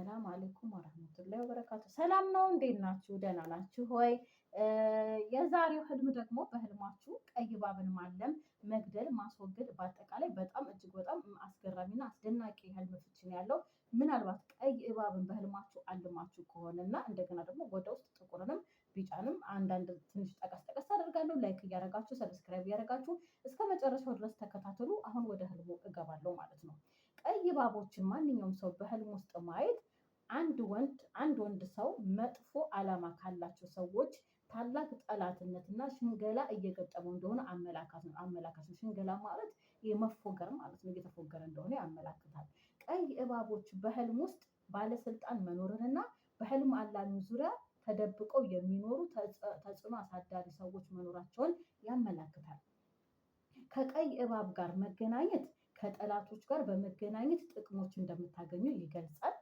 አሰላም አለይኩም ወረህመቱላሂ ወበረካቱ። ሰላም ነው፣ እንዴት ናችሁ? ደህና ናችሁ ሆይ? የዛሬው ህልም ደግሞ በህልማችሁ ቀይ እባብን ማለም፣ መግደል፣ ማስወገድ፣ በአጠቃላይ በጣም እጅግ በጣም አስገራሚና አስደናቂ ህልም ፍቺ ነው ያለው። ምናልባት ቀይ እባብን በህልማችሁ አልማችሁ ከሆነ እና እንደገና ደግሞ ወደ ውስጥ ጥቁርንም ቢጫንም አንዳንድ ትንሽ ጠቀስ ጠቀስ አደርጋለሁ። ላይክ እያደረጋችሁ ሰብስክራይብ እያደረጋችሁ እስከ መጨረሻው ድረስ ተከታተሉ። አሁን ወደ ህልሙ እገባለሁ ማለት ነው። ቀይ እባቦችን ማንኛውም ሰው በህልም ውስጥ ማየት አንድ ወንድ አንድ ወንድ ሰው መጥፎ ዓላማ ካላቸው ሰዎች ታላቅ ጠላትነትና ሽንገላ እየገጠመው እንደሆነ አመላካት ነው አመላካት ነው። ሽንገላ ማለት የመፎገር ማለት ነው። እየተፎገረ እንደሆነ ያመላክታል። ቀይ እባቦች በህልም ውስጥ ባለስልጣን መኖርንና በህልም አላሚ ዙሪያ ተደብቀው የሚኖሩ ተጽዕኖ አሳዳሪ ሰዎች መኖራቸውን ያመላክታል። ከቀይ እባብ ጋር መገናኘት ከጠላቶች ጋር በመገናኘት ጥቅሞች እንደምታገኙ ይገልጻል።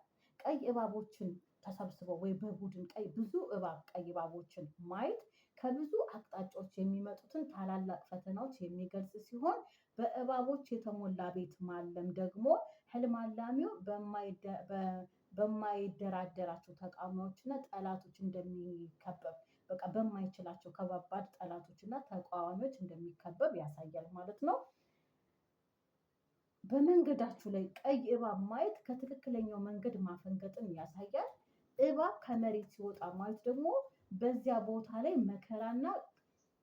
ቀይ እባቦችን ተሰብስበው ወይ በቡድን ቀይ ብዙ እባብ ቀይ እባቦችን ማየት ከብዙ አቅጣጫዎች የሚመጡትን ታላላቅ ፈተናዎች የሚገልጽ ሲሆን በእባቦች የተሞላ ቤት ማለም ደግሞ ህልም አላሚው በማይደራደራቸው ተቃዋሚዎች እና ጠላቶች እንደሚከበብ በቃ በማይችላቸው ከባባድ ጠላቶች እና ተቃዋሚዎች እንደሚከበብ ያሳያል ማለት ነው። በመንገዳችሁ ላይ ቀይ እባብ ማየት ከትክክለኛው መንገድ ማፈንገጥን ያሳያል። እባብ ከመሬት ሲወጣ ማየት ደግሞ በዚያ ቦታ ላይ መከራና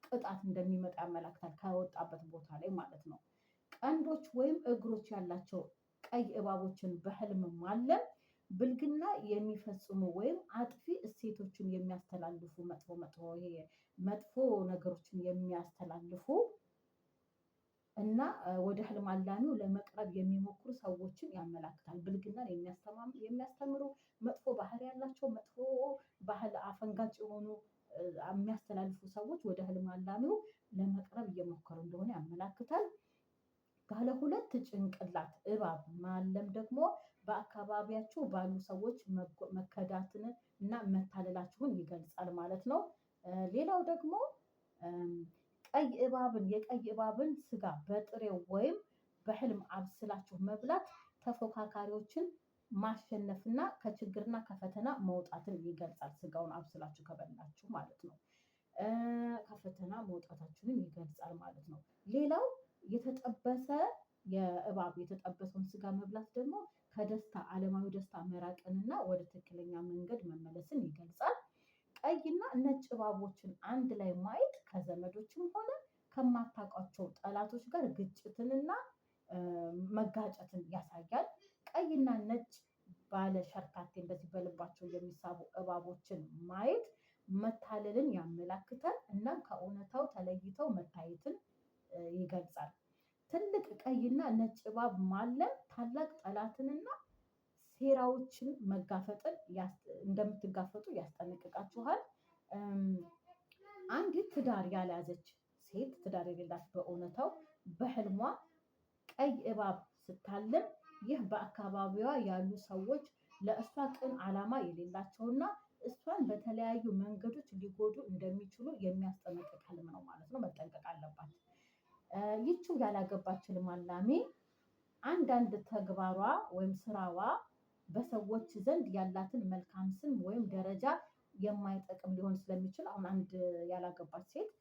ቅጣት እንደሚመጣ ያመላክታል። ከወጣበት ቦታ ላይ ማለት ነው። ቀንዶች ወይም እግሮች ያላቸው ቀይ እባቦችን በህልም ማለም ብልግና የሚፈጽሙ ወይም አጥፊ እሴቶችን የሚያስተላልፉ መጥፎ መጥፎ ነገሮችን የሚያስተላልፉ እና ወደ ህልም አላሚው ለመቅረብ የሚሞክሩ ሰዎችን ያመላክታል። ብልግናን የሚያስተምሩ መጥፎ ባህሪ ያላቸው መጥፎ ባህል አፈንጋጭ የሆኑ የሚያስተላልፉ ሰዎች ወደ ህልም አላሚው ለመቅረብ እየሞከሩ እንደሆነ ያመላክታል። ባለ ሁለት ጭንቅላት እባብ ማለም ደግሞ በአካባቢያችሁ ባሉ ሰዎች መከዳትን እና መታለላችሁን ይገልጻል ማለት ነው። ሌላው ደግሞ ቀይ እባብን የቀይ እባብን ስጋ በጥሬው ወይም በህልም አብስላችሁ መብላት ተፎካካሪዎችን ማሸነፍና ከችግርና ከፈተና መውጣትን ይገልጻል። ስጋውን አብስላችሁ ከበላችሁ ማለት ነው። ከፈተና መውጣታችንን ይገልጻል ማለት ነው። ሌላው የተጠበሰ የእባብ የተጠበሰውን ስጋ መብላት ደግሞ ከደስታ ዓለማዊ ደስታ መራቅንና ወደ ትክክለኛ መንገድ መመለስን ይገልጻል። ቀይና ነጭ እባቦችን አንድ ላይ ማየት ከዘመዶችም ሆነ ከማታውቋቸው ጠላቶች ጋር ግጭትንና መጋጨትን ያሳያል። ቀይና ነጭ ባለ ሸርካቴ እንደዚህ በልባቸው የሚሳቡ እባቦችን ማየት መታለልን ያመላክታል። እና ከእውነታው ተለይተው መታየትን ይገልጻል። ትልቅ ቀይና ነጭ እባብ ማለም ታላቅ ጠላትንና ሴራዎችን መጋፈጥን እንደምትጋፈጡ ያስጠነቅቃችኋል። አንዲት ትዳር ያልያዘች ሴት ትዳር የሌላት በእውነታው በህልሟ ቀይ እባብ ስታልም ይህ በአካባቢዋ ያሉ ሰዎች ለእሷ ቅን ዓላማ የሌላቸውና እሷን በተለያዩ መንገዶች ሊጎዱ እንደሚችሉ የሚያስጠነቅቅ ህልም ነው ማለት ነው። መጠንቀቅ አለባት። ይቺው ያላገባች ህልም አላሚ አንዳንድ ተግባሯ ወይም ስራዋ በሰዎች ዘንድ ያላትን መልካም ስም ወይም ደረጃ የማይጠቅም ሊሆን ስለሚችል አሁን አንድ ያላገባች ሴት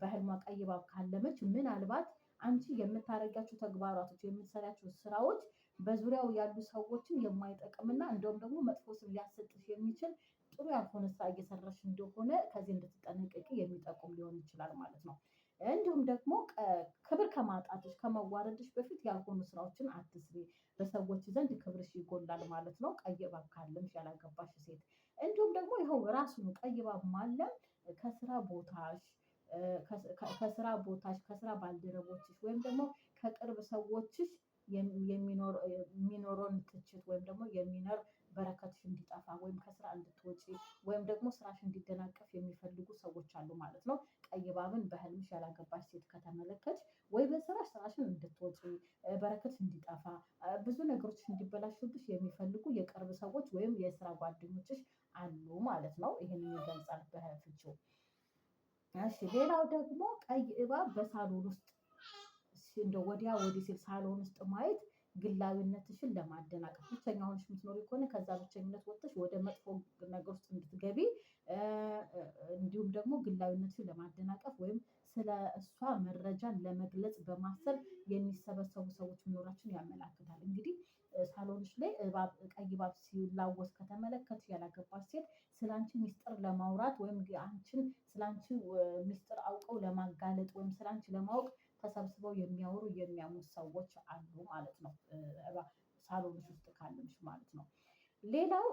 በህልሟ ቀይ እባብ ካለመች ምናልባት አንቺ የምታደርጊያቸው ተግባራቶች የምትሰሪያቸው ስራዎች በዙሪያው ያሉ ሰዎችን የማይጠቅምና እንደውም ደግሞ መጥፎ ስም ሊያሰጥሽ የሚችል ጥሩ ያልሆነ ስራ እየሰራሽ እንደሆነ ከዚህ እንድትጠነቀቂ የሚጠቁም ሊሆን ይችላል ማለት ነው። እንዲሁም ደግሞ ክብር ከማጣትሽ ከመዋረድሽ በፊት ያልሆኑ ስራዎችን አትስሪ። በሰዎች ዘንድ ክብርሽ ይጎላል ማለት ነው። ቀይባብ እባብ ካለምሽ ያላገባሽ ሴት እንዲሁም ደግሞ ይኸው ራሱን ቀይባብ እባብ ማለም ከስራ ቦታሽ ከስራ ቦታሽ ከስራ ባልደረቦችሽ ወይም ደግሞ ከቅርብ ሰዎችሽ የሚኖረውን ትችት ወይም ደግሞ የሚኖር በረከትሽ እንዲጠፋ ወይም ከስራ እንድትወጪ ወይም ደግሞ ስራሽ እንዲደናቀፍ የሚፈልጉ ሰዎች አሉ ማለት ነው። ቀይ እባብን በህልምሽ ያላገባች ሴት ከተመለከት ወይ በስራሽ ስራሽን እንድትወጪ በረከትሽ እንዲጠፋ ብዙ ነገሮች እንዲበላሹብሽ የሚፈልጉ የቅርብ ሰዎች ወይም የስራ ጓደኞችሽ አሉ ማለት ነው። ይህን ይገልጻል በፍቺው። እሺ ሌላው ደግሞ ቀይ እባብ በሳሎን ውስጥ እንደ ወዲያ ወዲህ ሲል ሳሎን ውስጥ ማየት ግላዊነትሽን ለማደናቀፍ ብቸኛ ሆነሽ የምትኖሪ ከሆነ ከዛ ብቸኝነት ወጥተሽ ወደ መጥፎ ነገር ውስጥ እንድትገቢ እንዲሁም ደግሞ ግላዊነትሽን ለማደናቀፍ ወይም ስለ እሷ መረጃን ለመግለጽ በማሰብ የሚሰበሰቡ ሰዎች መኖራቸውን ያመላክታል። እንግዲህ ሳሎንሽ ላይ ቀይ እባብ ሲላወስ ከተመለከቱ ያላገባች ሴት ስለ አንቺ ሚስጥር ለማውራት ወይም አንቺን ስለ ሚስጥር አውቀው ለማጋለጥ ወይም ስለ ለማወቅ ተሰብስበው የሚያወሩ የሚያምኑ ሰዎች አሉ ማለት ነው። ሳሎንሽ ውስጥ ካለምሽ ማለት ነው። ሌላው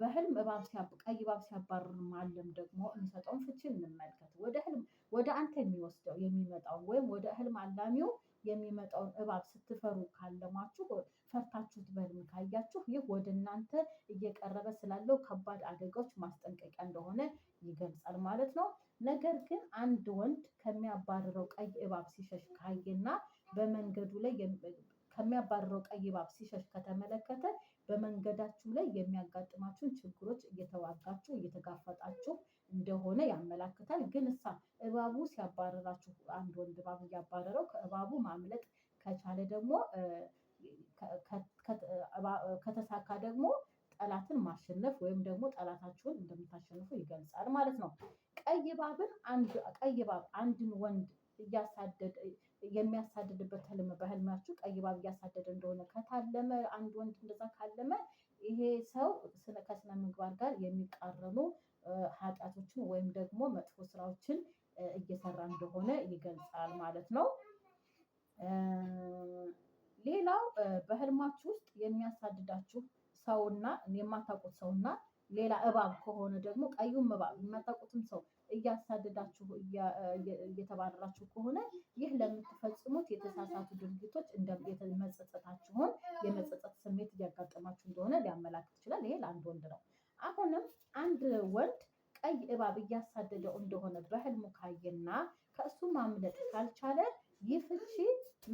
በህልም እባብ ቀይ እባብ ሲያባርር ማለም ደግሞ የሚሰጠውን ፍቺ እንመልከት። ወደ ህልም ወደ አንተ የሚወስደው የሚመጣው ወይም ወደ ህልም አላሚው የሚመጣውን እባብ ስትፈሩ ካለማችሁ ፈርታችሁት በህልም ካያችሁ ይህ ወደ እናንተ እየቀረበ ስላለው ከባድ አደጋዎች ማስጠንቀቂያ እንደሆነ ይገልጻል ማለት ነው። ነገር ግን አንድ ወንድ ከሚያባርረው ቀይ እባብ ሲሸሽ ካየና በመንገዱ ላይ ከሚያባርረው ቀይ እባብ ሲሸሽ ከተመለከተ በመንገዳችሁ ላይ የሚያጋጥማችሁን ችግሮች እየተዋጋችሁ እየተጋፈጣችሁ እንደሆነ ያመላክታል። ግን እሳ እባቡ ሲያባረራችሁ አንድ ወንድ እባብ እያባረረው ከእባቡ ማምለጥ ከቻለ ደግሞ ከተሳካ ደግሞ ጠላትን ማሸነፍ ወይም ደግሞ ጠላታችሁን እንደምታሸንፉ ይገልጻል ማለት ነው። ቀይ እባብን አንድ ቀይ እባብ አንድን ወንድ እያሳደደ የሚያሳድድበት ህልም በህልማችሁ ቀይ እባብ እያሳደደ እንደሆነ ከታለመ አንድ ወንድ እንደዛ ካለመ ይሄ ሰው ከስነ ምግባር ጋር የሚቃረኑ ኃጢአቶችን ወይም ደግሞ መጥፎ ስራዎችን እየሰራ እንደሆነ ይገልጻል ማለት ነው። ሌላው በህልማችሁ ውስጥ የሚያሳድዳችሁ ሰውና የማታውቁት ሰውና ሌላ እባብ ከሆነ ደግሞ ቀዩም እባብ የማታውቁትም ሰው እያሳደዳችሁ እየተባረራችሁ ከሆነ ይህ ለምትፈጽሙት የተሳሳቱ ድርጊቶች መጸጸታችሁን የመጸጸት ስሜት እያጋጠማችሁ እንደሆነ ሊያመላክት ይችላል። ይሄ ለአንድ ወንድ ነው። አሁንም አንድ ወንድ ቀይ እባብ እያሳደደው እንደሆነ በህልሙ ካየና ከእሱ ማምለጥ ካልቻለ ይህ ፍቺ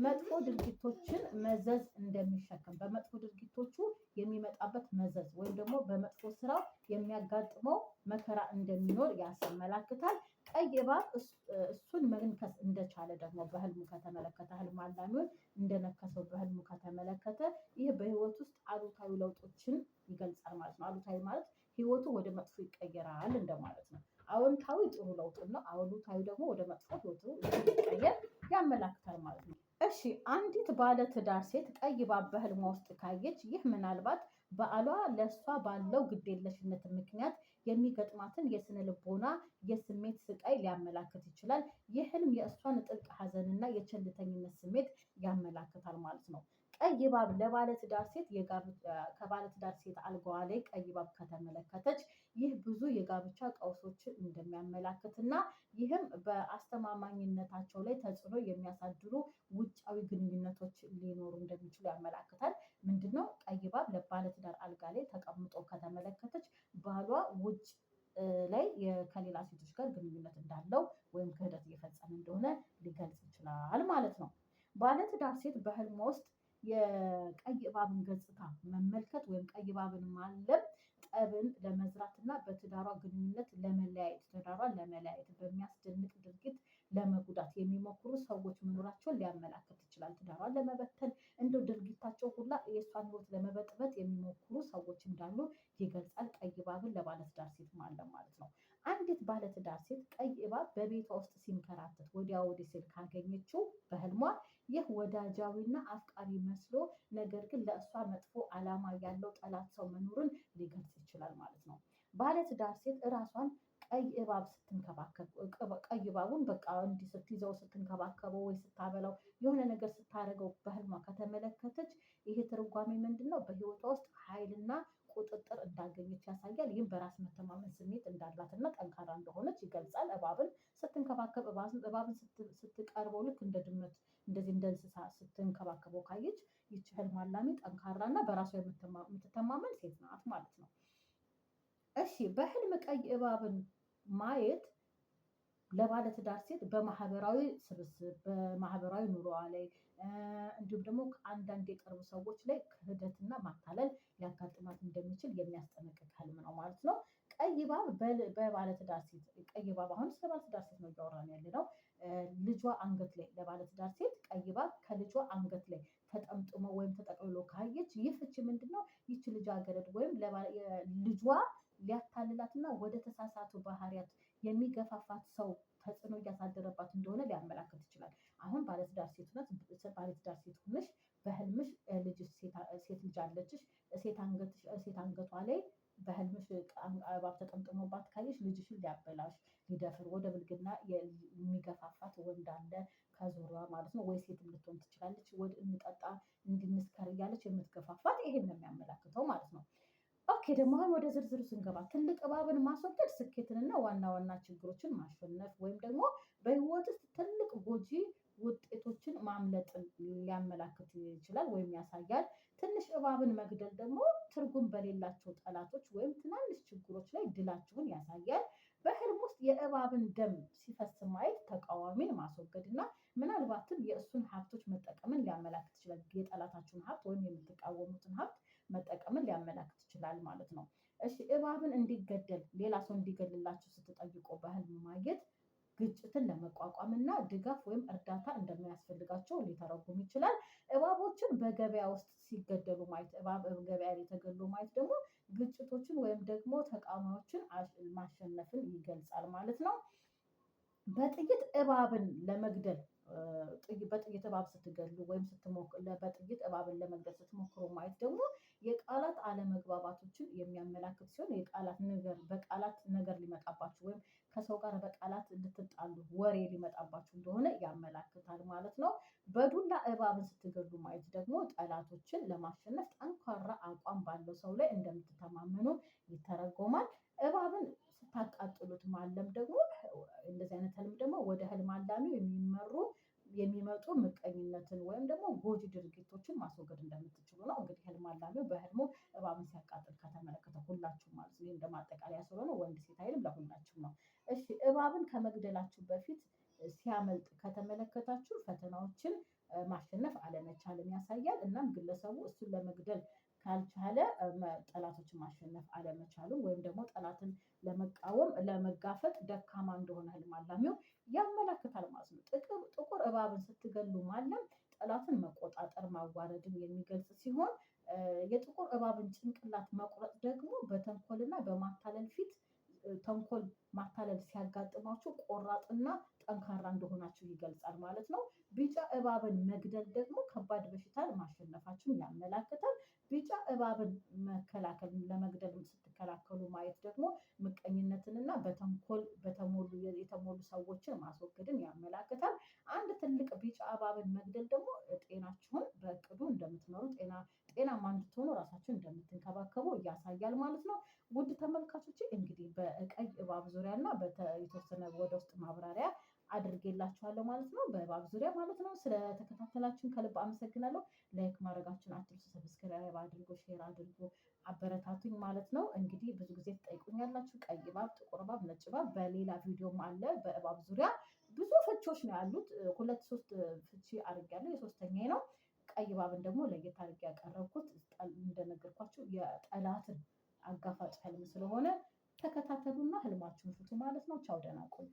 መጥፎ ድርጊቶችን መዘዝ እንደሚሸከም በመጥፎ ድርጊቶቹ የሚመጣበት መዘዝ ወይም ደግሞ በመጥፎ ስራው የሚያጋጥመው መከራ እንደሚኖር ያመላክታል። ቀይ እባብ እሱን መንከስ እንደቻለ ደግሞ በህልሙ ከተመለከተ ህልም አላሚውን እንደነከሰው በህልሙ ከተመለከተ እሺ አንዲት ባለ ትዳር ሴት ቀይ እባብ በህልሟ ውስጥ ካየች ይህ ምናልባት ባሏ ለእሷ ባለው ግዴለሽነት ምክንያት የሚገጥማትን የስነ ልቦና የስሜት ስቃይ ሊያመላክት ይችላል። ይህ ህልም የእሷን ጥልቅ ሐዘንና የቸልተኝነት ስሜት ያመላክታል ማለት ነው። ቀይ ባብ ለባለትዳር ሴት ከባለትዳር ሴት አልጋዋ ላይ ቀይ ባብ ከተመለከተች ይህ ብዙ የጋብቻ ቀውሶችን እንደሚያመላክትና ይህም በአስተማማኝነታቸው ላይ ተጽዕኖ የሚያሳድሩ ውጫዊ ግንኙነቶች ሊኖሩ እንደሚችሉ ያመላክታል። ምንድነው? ቀይ ባብ ለባለትዳር አልጋ ላይ ተቀምጦ ከተመለከተች ባሏ ውጭ ላይ ከሌላ ሴቶች ጋር ግንኙነት እንዳለው ወይም ክህደት እየፈጸመ እንደሆነ ሊገልጽ ይችላል ማለት ነው። ባለትዳር ሴት በህልም ውስጥ የቀይ እባብን ገጽታ መመልከት ወይም ቀይ እባብን ማለም ጠብን ለመዝራት እና በትዳሯ ግንኙነት ለመለያየት ትዳሯን ለመለያየት በሚያስደንቅ ድርጊት ለመጉዳት የሚሞክሩ ሰዎች መኖራቸውን ሊያመላክት ይችላል። ትዳሯን ለመበተን እንደ ድርጊታቸው ሁላ የእሷን ሕይወት ለመበጥበት የሚሞክሩ ሰዎች እንዳሉ ይገልጻል። ቀይ እባብን ለባለትዳር ሴት ማለም ማለት ነው። አንዲት ባለትዳር ሴት ቀይ እባብ በቤቷ ውስጥ ሲንከራተት ወዲያ ወዲህ ሲል ካገኘችው በህልሟ ይህ ወዳጃዊና አፍቃሪ መስሎ ነገር ግን ለእሷ መጥፎ ዓላማ ያለው ጠላት ሰው መኖሩን ሊገልጽ ይችላል ማለት ነው። ባለትዳር ሴት እራሷን ቀይ እባብ ስትንከባከብ ቀይ እባቡን በቃ እንዲህ ስትይዘው ስትንከባከበው ወይ ስታበላው የሆነ ነገር ስታደርገው በህልሟ ከተመለከተች ይሄ ትርጓሜ ምንድን ነው? በህይወቷ ውስጥ ኃይልና ቁጥጥር እንዳገኘች ያሳያል። ይህም በራስ መተማመን ስሜት እንዳላትና ጠንካራ እንደሆነች ይገልጻል። እባብን ስትንከባከብ እባብን ስትቀርበው ልክ እንደ ድመት እንደዚህ እንደ እንስሳ ስትንከባከበው ካየች ይች ህልም አላሚ እና በራሷ የምትተማመን ሴት ናት ማለት ነው። እሺ በህልም ቀይ እባብን ማየት ለባለትዳር ሴት በማህበራዊ ስብስብ በማህበራዊ ኑሮዋ ላይ እንዲሁም ደግሞ ከአንዳንድ የቀርቡ ሰዎች ላይ ክህደትና ማታለል ሊያጋጥማት እንደሚችል የሚያስጠነቅቅ ህልም ነው ማለት ነው። ቀይ ባብ በባለትዳር ሴት ቀይ ባብ አሁን ስለ ባለትዳር ሴት ነው እያወራን ያለ ነው። ልጇ አንገት ላይ ለባለትዳር ሴት ቀይ ባብ ከልጇ አንገት ላይ ተጠምጥሞ ወይም ተጠቅልሎ ካየች ይህ ፍቺ ምንድን ነው? ልጃገረድ ወይም ልጇ ሊያታልላትና ወደ ተሳሳቱ ባህሪያት የሚገፋፋት ሰው ተጽዕኖ እያሳደረባት እንደሆነ ሊያመላክት ይችላል። አሁን ባለትዳር ሴት ባለትዳር ሴት ሁነሽ በህልምሽ ልጅሽ ሴት ልጅ አለችሽ ሴት አንገቷ ላይ በህልምሽ እባብ ተጠምጥሞባት ካየሽ ልጅሽን ሊያበላሽ ሊደፍር ወደ ብልግና የሚገፋፋት ወንድ አለ ከዙሪያዋ ማለት ነው። ወይ ሴት ልትሆን ትችላለች። ወደ እንጠጣ እንድንስከር እያለች የምትገፋፋት ይሄን ነው የሚያመላክተው ማለት ነው። ኦኬ ደግሞ አሁን ወደ ዝርዝሩ ስንገባ ትልቅ እባብን ማስወገድ ስኬትንና ዋና ዋና ችግሮችን ማሸነፍ ወይም ደግሞ በህይወት ውስጥ ትልቅ ማምለጥን ሊያመላክት ይችላል ወይም ያሳያል። ትንሽ እባብን መግደል ደግሞ ትርጉም በሌላቸው ጠላቶች ወይም ትናንሽ ችግሮች ላይ ድላችሁን ያሳያል። በህልም ውስጥ የእባብን ደም ሲፈስ ማየት ተቃዋሚን ማስወገድ እና ምናልባትም የእሱን ሀብቶች መጠቀምን ሊያመላክት ይችላል። የጠላታችሁን ሀብት ወይም የምትቃወሙትን ሀብት መጠቀምን ሊያመላክት ይችላል ማለት ነው። እሺ እባብን እንዲገደል ሌላ ሰው እንዲገድልላችሁ ስትጠይቁ በህልም ማየት ግጭትን ለመቋቋም እና ድጋፍ ወይም እርዳታ እንደሚያስፈልጋቸው ሊተረጉም ይችላል። እባቦችን በገበያ ውስጥ ሲገደሉ ማየት እባብ ገበያ ላይ ተገድሎ ማየት ደግሞ ግጭቶችን ወይም ደግሞ ተቃውሞዎችን ማሸነፍን ይገልጻል ማለት ነው። በጥይት እባብን ለመግደል በጥይት እባብ ስትገሉ ወይም በጥይት እባብን ለመግደል ስትሞክሩ ማየት ደግሞ አለመግባባቶችን የሚያመላክት ሲሆን የቃላት ነገር በቃላት ነገር ሊመጣባችሁ ወይም ከሰው ጋር በቃላት እንድትጣሉ ወሬ ሊመጣባችሁ እንደሆነ ያመላክታል ማለት ነው። በዱላ እባብን ስትገሉ ማየት ደግሞ ጠላቶችን ለማሸነፍ ጠንካራ አቋም ባለው ሰው ላይ እንደምትተማመኑ ይተረጎማል። እባብን ስታቃጥሉት ማለም ደግሞ እንደዚህ አይነት ህልም ደግሞ ወደ ህልም አላሚው የሚመሩ የሚመጡ ምቀኝነትን ወይም ደግሞ ጎጂ ድርጊቶችን ማስወገድ እንደምትችሉ ነው። እንግዲህ ህልም አላሚው በህልሙ እባብን ሲያቃጥል ከተመለከተ ሁላችሁም ማለት ነው። ይህ እንደ ማጠቃለያ ስለሆነ ወንድ ሴት አይልም፣ ለሁላችሁም ነው። እሺ እባብን ከመግደላችሁ በፊት ሲያመልጥ ከተመለከታችሁ ፈተናዎችን ማሸነፍ አለመቻልን ያሳያል። እናም ግለሰቡ እሱን ለመግደል ካልቻለ ጠላቶችን ማሸነፍ አለመቻሉን ወይም ደግሞ ጠላትን ለመቃወም ለመጋፈጥ ደካማ እንደሆነ ህልም አላሚው ያመላክታል ማለት ነው። ጥቁር እባብን ስትገሉ ማለም ጠላትን መቆጣጠር ማዋረድን የሚገልጽ ሲሆን የጥቁር እባብን ጭንቅላት መቁረጥ ደግሞ በተንኮልና በማታለል ፊት ተንኮል ማታለል ሲያጋጥማችሁ ቆራጥና ጠንካራ እንደሆናችሁ ይገልጻል ማለት ነው። ቢጫ እባብን መግደል ደግሞ ከባድ በሽታን ማሸነፋችሁን ያመላክታል። ቢጫ እባብን መከላከል ለመግደል ስትከላከሉ ማየት ደግሞ ምቀኝነትንና በተንኮል በተሞሉ የተሞሉ ሰዎችን ማስወገድን ያመላክታል። አንድ ትልቅ ቢጫ እባብን መግደል ደግሞ ጤናችሁን በእቅዱ እንደምትኖሩ ጤና ጤናማ እንድትሆኑ ራሳችሁን እንደምትንከባከቡ ያሳያል ማለት ነው። ውድ ተመልካቾች እንግዲህ በቀይ እባብ ዙሪያ ዙሪያ እና የተወሰነ ወደ ውስጥ ማብራሪያ አድርጌላችኋለሁ ማለት ነው፣ በእባብ ዙሪያ ማለት ነው። ስለተከታተላችሁን ከልብ አመሰግናለሁ። ላይክ ማድረጋችሁን አትርሱ። ሰብስክራይብ አድርጎ ሼር አድርጎ አበረታቱኝ ማለት ነው። እንግዲህ ብዙ ጊዜ ትጠይቁኛላችሁ፣ ቀይ እባብ፣ ጥቁር እባብ፣ ነጭ እባብ። በሌላ ቪዲዮም አለ በእባብ ዙሪያ ብዙ ፍቾች ነው ያሉት። ሁለት ሶስት ፍቺ አድርጌያለሁ፣ የሶስተኛ ነው። ቀይ እባብን ደግሞ ለየት አድርጌ ያቀረብኩት እንደነገርኳችሁ የጠላትን አጋፋጭ ህልም ስለሆነ ተከታተሉና ህልማችሁን ፍቱ ማለት ነው። ቻው፣ ደህና ቆዩ።